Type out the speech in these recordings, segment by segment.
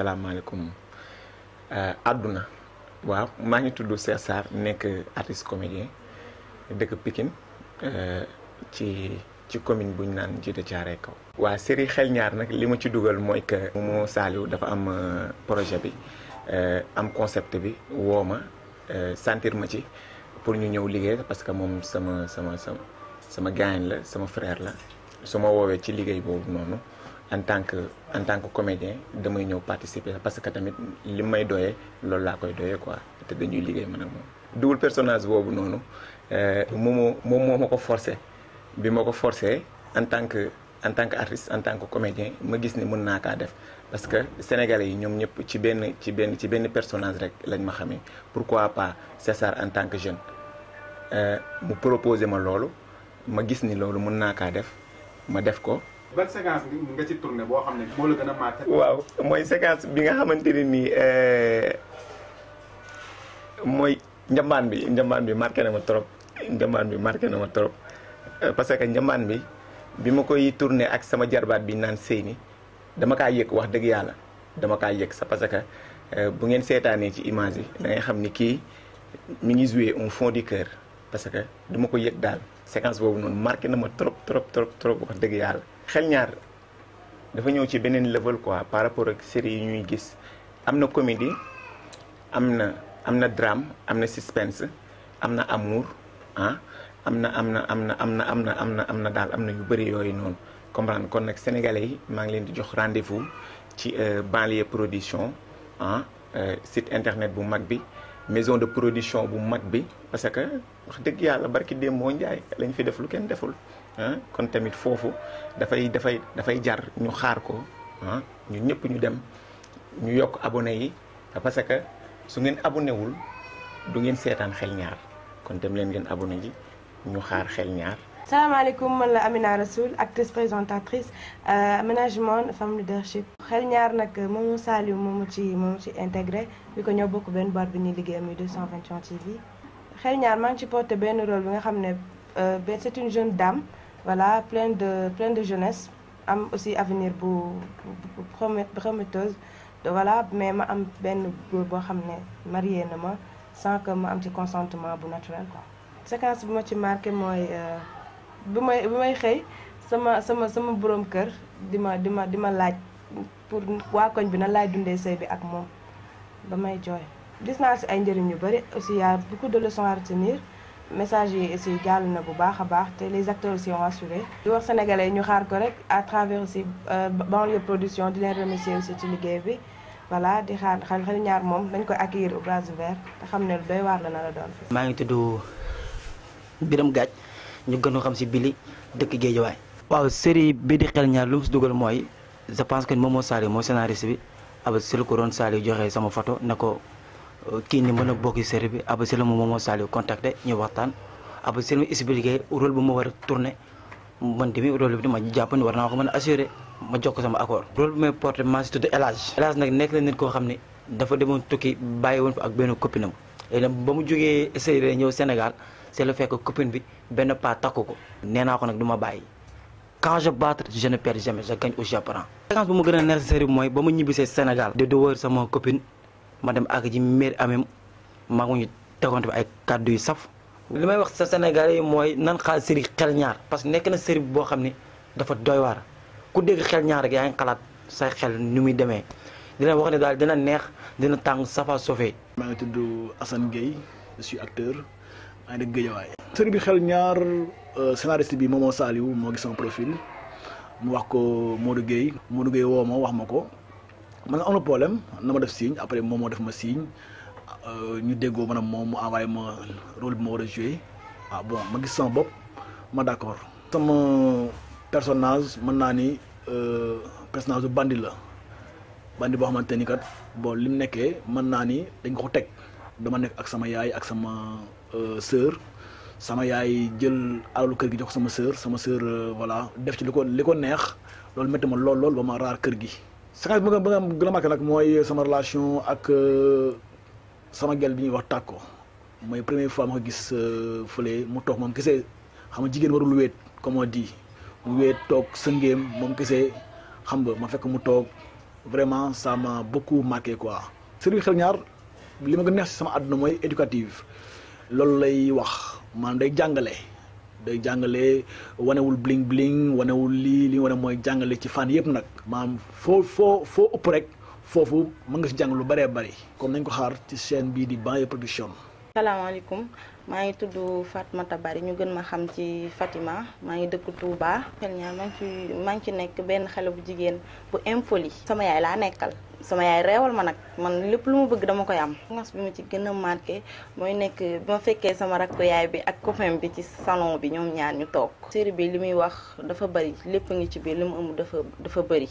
salaamaaleykum euh, àdduna waaw maa ngi tudd Cheikh Sarr nekk artiste comédien dëkk Pikine euh, ci ci commune bu ñu naan Djiddah Thiaroye Kaw. waa série xel ñaar nag li ma ci dugal mooy que. Momo Saliou dafa am euh, projet bi am concept bi woo ma sentir ma ci pour ñu ñëw liggéey parce que moom sama sama sama sama gaañ la sama frère la. su ma woowee ci liggéey boobu noonu en tant que en tant que comédien damay ñëw participer parce que tamit li may doyee loolu laa koy doyee quoi te dañuy liggéey man ak moom. double personnage boobu noonu euh, moom moom moo ma ko forcé bi ma ko forcé en tant que en tant que artiste en tant que comédien ma gis ne mën naa kaa def parce que sénégale yi ñoom ñëpp ci benn ci benn ci benn personnage rek lañ ma xamee pourquoi pas César en tant que jeune euh, mu proposé ma loolu ma gis ni loolu mën naa kaa def. ma def ko. ban séquence bi nga boo xam ne moo la gën waaw mooy séquence bi nga xamante ne nii euh, mooy njambaan bi njambaan bi marqué na ma trop njambaan bi marqué na ma trop euh, parce que njambaan bi bi ma koy tourné ak sama jarbaat bi naan Seyni dama kaa yëg wax dëgg yàlla dama kaa yëg sa parce que euh, bu ngeen seetaanee ci image yi da ngay xam ni kii mi ngi joué un fond du cœur parce que duma ko yëg daal. séquence boobu noonu marqué trop trop trop trop wax quoi par rapport série ñuy comédie drame suspense amour ah sénégalais rendez-vous banlieue production ah, euh, site internet bu mag maison de production bu mag que. wax dëgg yàlla barki démb moo njaay lañ fi def lu kenn deful kon tamit foofu dafay dafay dafay jar ñu xaar ko ah ñun ñëpp ñu dem ñu yokk abone yi parce que su ngeen abonné wul du ngeen seetaan xel ñaar kon dem leen ngeen abonné ji ñu xaar xel ñaar salaamaaleykum man la Amina Rasoul actrice présentatrice euh, management femme leadership xel ñaar nag moomu Saliou moomu ci moomu ci intégré bi ko ñoo bokk benn boîte bi ñuy liggéey muy xel ñaar maa ngi ci porté benn rôle bi nga xam ne euh, ben c'est une jeune dame voilà pleine de pleine de jeunesse am aussi avenir bu bu prometteuse voilà mais ma am benn góor boo xam ne marié na ma sans que ma am ci consentement bu naturel quoi. séquence bu ma ci marqué mooy euh, bu may bu may xëy sama sama sama borom kër di ma di ma di ma laaj pour waa koñ bi na laay dundee sëy bi ak moom ba may jooy gis naa si ay njëriñ yu bëri aussi y a beaucoup de leçons à retenir message yi aussi jàll na bu baax a baax te les acteurs aussi ont assuré. di wax sénégalais ñu xaar ko rek à travers aussi euh, banlieue production di leen remercier aussi ci liggéey bi voilà di xaar xel ñaar moom dañ ko accueillir au bras ouvert te xam ne doy waar la na la doon. maa ngi tudd Biram Gaaj ñu gën a xam si Bili dëkk Géejawaay. waaw série bi di xel ñaar lu mu si dugal mooy je pense que Momo Saliou mooy scénariste bi ab si lu ko joxe sama photo ne ko. kii ni mën a bokk ci série bi Abou Sélé moom moo Saliou contacté ñu waxtaan Abou Sélé mu expliqué ma war a tourné man tamit bi ma jàpp war naa ko mën a assuré ma jox sama accord. rôle bu may porté maa ngi si tudd El nag nekk na nit koo xam dafa demoon tukki bàyyi woon fa ak benn copinam léegi ba mu jógee Séré ñëw Sénégal c'est le fekk copine bi benn pas takku ko. ko nag du ma bàyyi. quand je battre je ne perds jamais je gagne a neex série ba ma ñibbisee ma dem ak ji meer amem maa ngi ñu tegoonte bi ay kàddu yu saf. li may wax sa Sénégalais mooy nan xaal série xel ñaar parce que nekk na série boo xam ne dafa doy waar ku dégg xel ñaar rek yaa ngi xalaat say xel nu muy demee dina wax ne daal dina neex dina tàng safa sofee. maa ngi tudd assan Gueye je acteur maa ngi dëkk Guédiawaye. série bi xel ñaar euh, scénariste bi Momo Saliou moo gis sama profil mu wax ko Modou Gueye Modou Gueye woo ma wax ma ko. man am na problème na ma def signe après moom moo def ma signe euh, ñu déggoo maanaam moom mu envoyé ma rôle bi ma war a joué ah bon ma gis sama bopp ma d' accord. sama personnage mën naa ni euh, personnage bu bandi la bandi boo xamante ni kat bon li mu nekkee mën naa ni dañ ko teg dama nekk ak sama yaay ak sama euh, sœur sama yaay jël alalu kër gi jox sama sœur sama sœur voilà def ci li ko li ko neex loolu métti ma lool lool ba ma raar kër gi. séquence bi nga ba nga gën a nag mooy sama relation ak euh, sama gel bi ñuy wax tàkko mooy première fois ma ko gis euh, fële mu toog moom kese xam nga jigéen warul wéet comme on di mu wéet toog sëngeem moom kese xam nga ma fekk mu toog vraiment ça m'a beaucoup marqué quoi. Serigne Xel Ñaar li ma gën a neex si sama àdduna mooy éducative loolu lay wax maanaam day jàngale. day jàngale wanewul bling bling wanewul lii li wane mooy jàngale ci fànn yëpp nag maanaam foo foo foo ëpp rek foofu mën ngi si jàng lu bëree bëri kon nañ ko xaar ci chaîne bii di Banlieue Production. salaamaaleykum maa ngi tudd Fatmata Bari ñu gën ma xam ci Fatima maa ngi dëkk Touba. xel ñaar maa ngi maa ngi ci nekk benn xale bu jigéen bu impoli sama yaay laa nekkal. sama yaay reewal ma nag man lépp lu ma bëgg dama koy am. France bi ma ci gën a marqué mooy nekk bi ma fekkee sama rakk yaay bi ak copain bi ci salon bi ñoom ñaar ñu toog. série bi li muy wax dafa bari lépp ngi ci biir li mu ëmb dafa dafa bari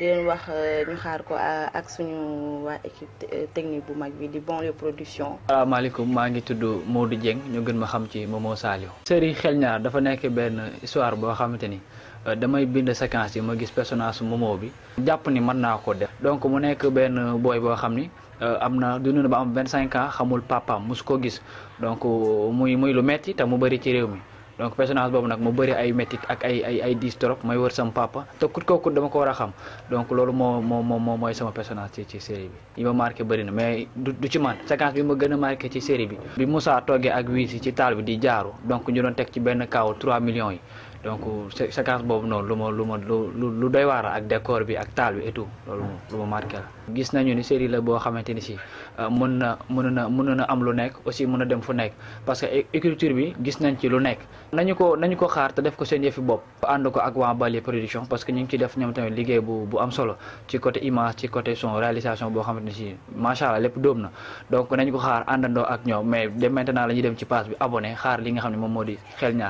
leen wax euh, ñu xaar ko euh, ak suñu waa équipe euh, technique bu mag bi di Bonlieu Production. salaamaaleykum maa ngi tudd Modou Dieng ñoo gën ma xam ci Momo Saliou. série xel ñaar dafa nekk benn histoire boo xamante ni. Euh, damay bind séquence yi ma gis personnage Momo bi jàpp ni mën naa ko def donc mu nekk benn booy boo xam ni euh, am na dund na ba am vingt cinq ans xamul papaam su ko gis donc euh, muy muy lu metti te mu bëri ci réew mi donc personnage boobu nag mu bëri ay métit ak ay ay ay diis trop may wër sama papa te kut kookut dama ko war a xam donc loolu moo moo moo mooy sama personnage ci ci série bi yi ma marqué bëri na mais du ci man séquence bi ma gën a marqué ci série bi bi Moussa toggee ak wiis ci taal bi di jaaru donc ñu teg ci benn kaaw 3 millions yi donc séquence boobu noonu lu ma lu ma lu lu doy waar ak décor bi ak taal bi et tout loolu hmm. lu ma marqué la. gis nañu ni série la boo xamante ni si euh, mën na mën na mën am lu nekk aussi mun na dem fu nekk parce que écriture bi gis nañ ci lu nekk. nañu ko nañu ko xaar te def ko seen yëfi bopp. ànd ko ak waa Balie production parce que ñu ngi ci def ñoom tamit liggéey bu bu am solo ci côté image ci côté son réalisation boo xamante ni si macha allah lépp dóom na donc nañu ko xaar àndandoo ak ñoom mais de maintenant la ñuy dem ci page bi abonné xaar li nga xam ne moom moo di xel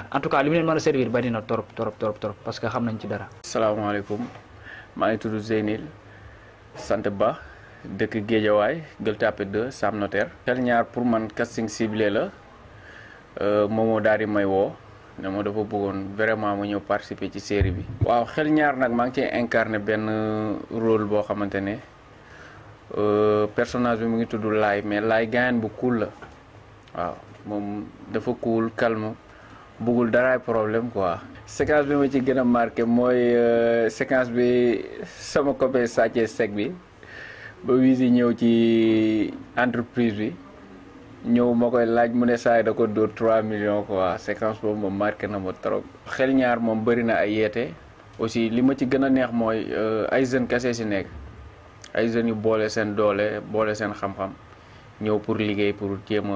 a na torop torop torop torop parce que xam nañ ci dara assalamu alaykum ma ngi tudd zainil sante ba dëkk Guédiawaay gel tapé 2 Sam Notaire er. tel ñaar pour man casting ciblé la euh momo di may wo ne mo dafa bëggoon vraiment mu ñeu participer ci série bi waaw xel ñaar nak ma ngi ci incarner ben rôle bo xamantene euh personnage bi mu ngi tudd lay mais lay gaane bu cool la waaw mom dafa cool calme bëggul daraay problème quoi. séquence bi ma ci gën a marqué mooy euh, séquence bi sama copain Sathie Seck bi ba Wizi ñëw ci entreprise bi ñëw ma koy laaj mu ne saay da ko dóor 3 millions quoi séquence boobu moom marqué na ma trop. xel ñaar moom bëri na ay yeete aussi li ma ci gën a neex mooy euh, ay jeunes kese si nekk ay jeunes yu boole seen doole boole seen xam-xam ñëw pour liggéey pour jéem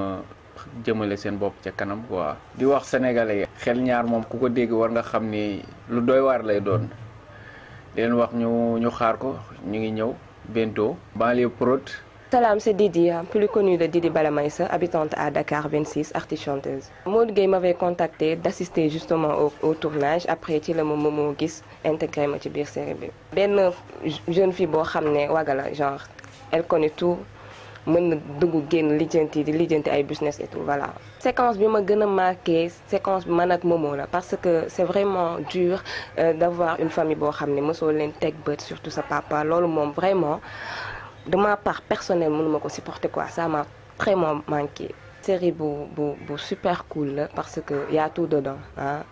jëmale seen bopp ca kanam quoi. di wax sénégalais yi xel ñaar moom ku ko dégg war nga xam ni lu doy waar lay doon di leen wax ñu ñu xaar ko ñu ngi ñëw bientôt. banlieue prod. salaam c'est Didi hein, plus connue de Didi Balamaïsa habitante à Dakar 26 artiste chanteuse. Maud Gueye m'avait contacté d'assister justement au, au tournage après ci la ma moo gis intégré ma ci biir série bi. benn jeune fille boo xam ne waga la genre elle connaît tout mën ne dugg génn lijjanti di lijjanti ay business et tout voilà. séquence bi ma gën a marqué séquence bi man ak Momo la parce que c'est vraiment dur euh, d'avoir une famille boo xam ne mosoo leen surtout sa papa loolu moom vraiment de ma part personnelle mënuma ko supporter quoi ça m'a vraiment manqué. série bu bu super cool parce que y a tout dedans ah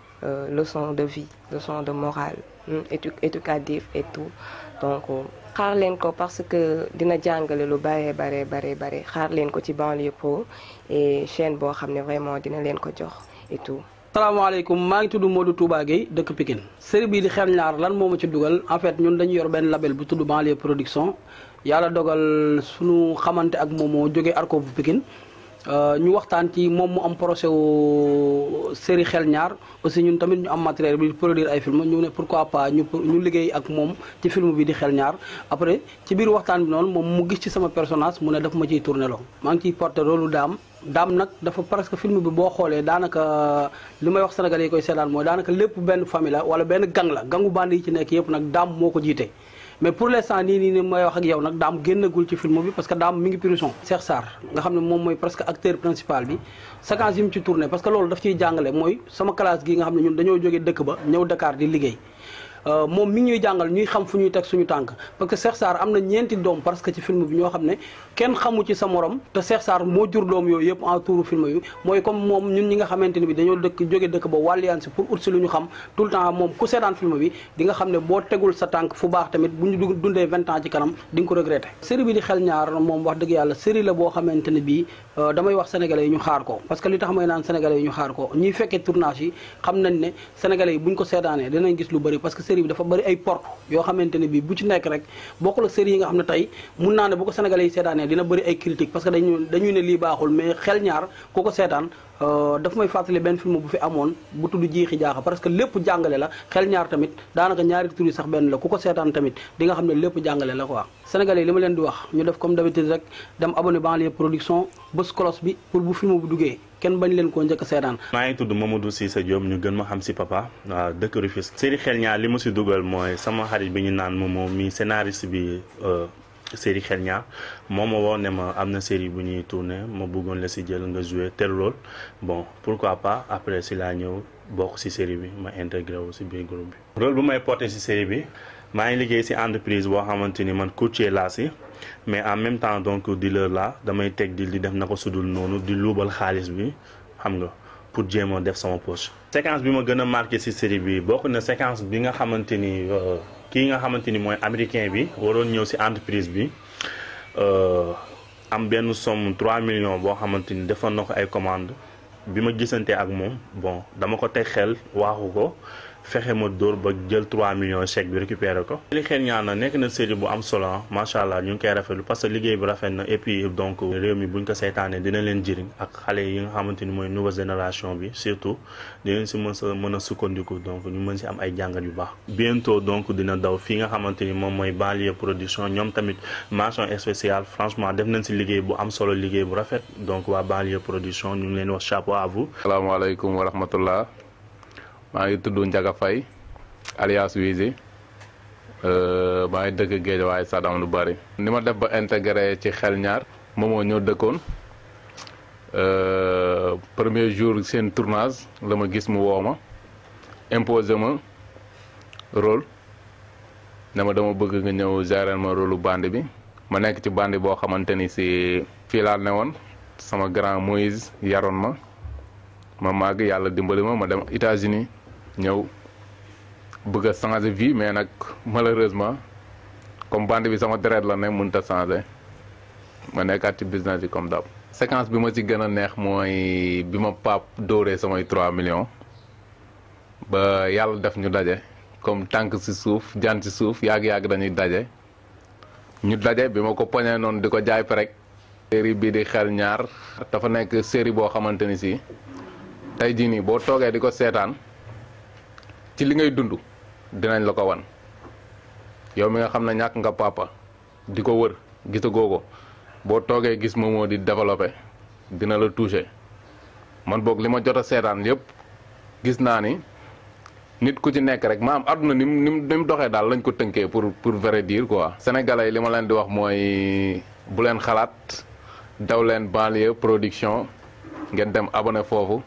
leçon de vie leçon de morale hmm, éducatif et tout donc. Euh, xaar leen ko parce que dina jàngale lu bare bare bare bare xaar leen ko ci Banlieue Pro et eh, chaîne boo xam ne vraiment dina leen ko jox et tout. salaamaaleykum maa ngi tudd Modou Touba Gueye dëkk Pikine série bii di xel ñaar lan moo ma ci dugal en fait ñun dañu yor benn label bu tudd Banlieue Production yàlla dogal suñu xamante ak moom moo jógee Arco bu Pikine. Euh, ñu waxtaan ci moom mu am projet wu série xel ñaar aussi ñun tamit ñu am matériel bi produire ay film ñu ne pourquoi pas ñu ñu liggéey ak moom ci film bi di xel ñaar après ci biir waxtaan bi noonu moom mu gis ci sama personnage mu ne daf ma ciy tourné loo maa ngi ciy porté rôle daam daam nag dafa presque film bi boo xoolee daanaka li may wax sénégalais yi koy seetaan mooy daanaka lépp benn famille la wala benn gang la gangu bandi yi ci nekk yëpp nag daam moo ko jiite mais pour l'instant nii nii nii may wax ak yow nag daam génnagul ci film bi parce que daam mi ngi prison Cheikh Sarr nga xam ne moom mooy presque acteur principal bi séquence yi mu ci tourné parce que loolu daf ciy jàngale mooy sama classe gi nga xam ne ñun dañoo jógee dëkk ba ñëw Dakar di liggéey Euh, moom mi ñuy jàngal ñuy xam fu ñuy teg suñu tànk parce que Cheikh Sarr am na ñeenti doom parce que ci film bi ñoo xam ne kenn xamu ci sa morom te Cheikh Sarr moo jur doom yooyu yëpp en touru film bi mooy comme moom ñun ñi nga xamante ni bi dañoo dëkk jóge dëkk ba wàlliyaan si pour ut si lu ñu xam tout temps moom ku seetaan film bi di bu ñu dundee vingt ans ci kanam di nga ko regretté série bi di xel ñaar moom wax dëgg yàlla série la boo xamante ne bii euh, damay wax sénégalais yi ñu xaar ko parce que li tax may naan sénégalais yi ñu xaar ko ñuy fekkee série bi dafa bëri ay porte yoo xamante ne bii bu ci nekk rek bokkul ak série yi nga xam ne tey mun naa ne bu ko sénégalais yi seetaanee dina bëri ay critique parce que dañu dañuy ne lii baaxul mais xel ñaar ku ko seetaan euh, dafa may fàttali benn film bu fi amoon bu tudd jiixi jaaxa parce que lépp jàngale la xel ñaar tamit daanaka ñaari tur sax benn la ku ko seetaan tamit di nga xam ne lépp jàngale la quoi sénégalais li ma leen di wax ñu def comme d'habitude rek dem abonné Banlieue Production kenn bañ leen koo njëkk seetaan maa ngi tudd Mamadou sa Diop ñu gën ma xam si papa waaw dëkk Rufisque série xel ñaa li ma si dugal mooy sama xarit bi ñu naan moom moom mi scénariste bi euh, série xel ñaa moom ma woo ne ma am na série bu ñuy tourné ma bëggoon la si jël nga joué tel rôle bon pourquoi pas après si laa ñëw bokk si série bi ma intégré wu si biir bi rôle bu may porté si série bi maa ngi liggéey si entreprise boo xamante ni man courtier laa si mais en même temps donc dealer la damay teg di def na ko sudul noonu di luubal xaalis bi xam nga pour jéem a def sama poche. séquence bi ma gën a marqué ci série bi bokk na séquence bi nga xamante ni euh, kii nga xamante ni mooy américain bi waroon ñëw ci entreprise bi euh, am benn somme 3 millions boo xamante ni defoon na ko ay commande bi ma gisante ak moom bon dama ko teg xel waaxu ko. fexe ma dóor ba jël 3 millions chèque bi récupéré ko li xeen ñaan na nekk na série bu am solo macha allah ñu ngi koy rafetlu parce que liggéey bi rafet na et puis donc réew mi buñ ko seytaanee dina leen jëriñ ak xale yi nga xamante ni mooy nouvelle génération bi surtout dina si ma sa mën a sukkandiku donc ñu mën si am ay jàngat yu baax bientôt donc dina daw fii nga xamante ni moom mooy banlieue production ñoom tamit mention spéciale franchement def nañ si liggéey bu am solo liggéey bu rafet donc waa banlieue production ñu ngi leen wax chapeau à vous salaamaaleykum wa rahmatullah maa tuddu tudd Ndiaga alias Wizi euh, maa ngi dëkk Guédiawaye Sadam lu bari. ni ma def ba intégré ci xel ñaar moomoo ñoo dëkkoon euh, premier jour seen tournage la ma gis mu woo ma imposé ma rôle ne ma dama bëgg nga ñëw gérer ma rôle bande bi ma nekk ci bande boo xamante ni si fii laa newoon sama grand Moïse yaroon ma ma màgg yàlla dimbali ma ma dem États-Unis ñëw bëgg a changer vie mais nag malheureusement comme bande bi sama deret la ne mënut a changer ma nekkaat ci business bi comme dab séquence bi ma ci gën a neex mooy bi ma paap dóoree samay 3 millions ba yàlla def ñu daje comme tànk si suuf jaan ci suuf yàgg-yàgg dañuy daje ñu daje bi ma ko poñee noonu di ko jaay rek série bi di xel ñaar dafa nekk série boo xamante ni si tey jii nii boo toogee di ko seetaan ci li ngay dund dinañ la ko wan yow mi nga xamna ñak nga papa di wër gisagoo gogo bo toogee gis moomoo di développer dina la toucher man bok lima ma jot gis nani, ni nit ku ci nek rek maam am aduna nim nim mu doxé dal lañ ko teunké pour pour vrai dire quoi. sénégalais lima li di wax moy bu len xalat daw len banlieue production ngeen dem abonné fofu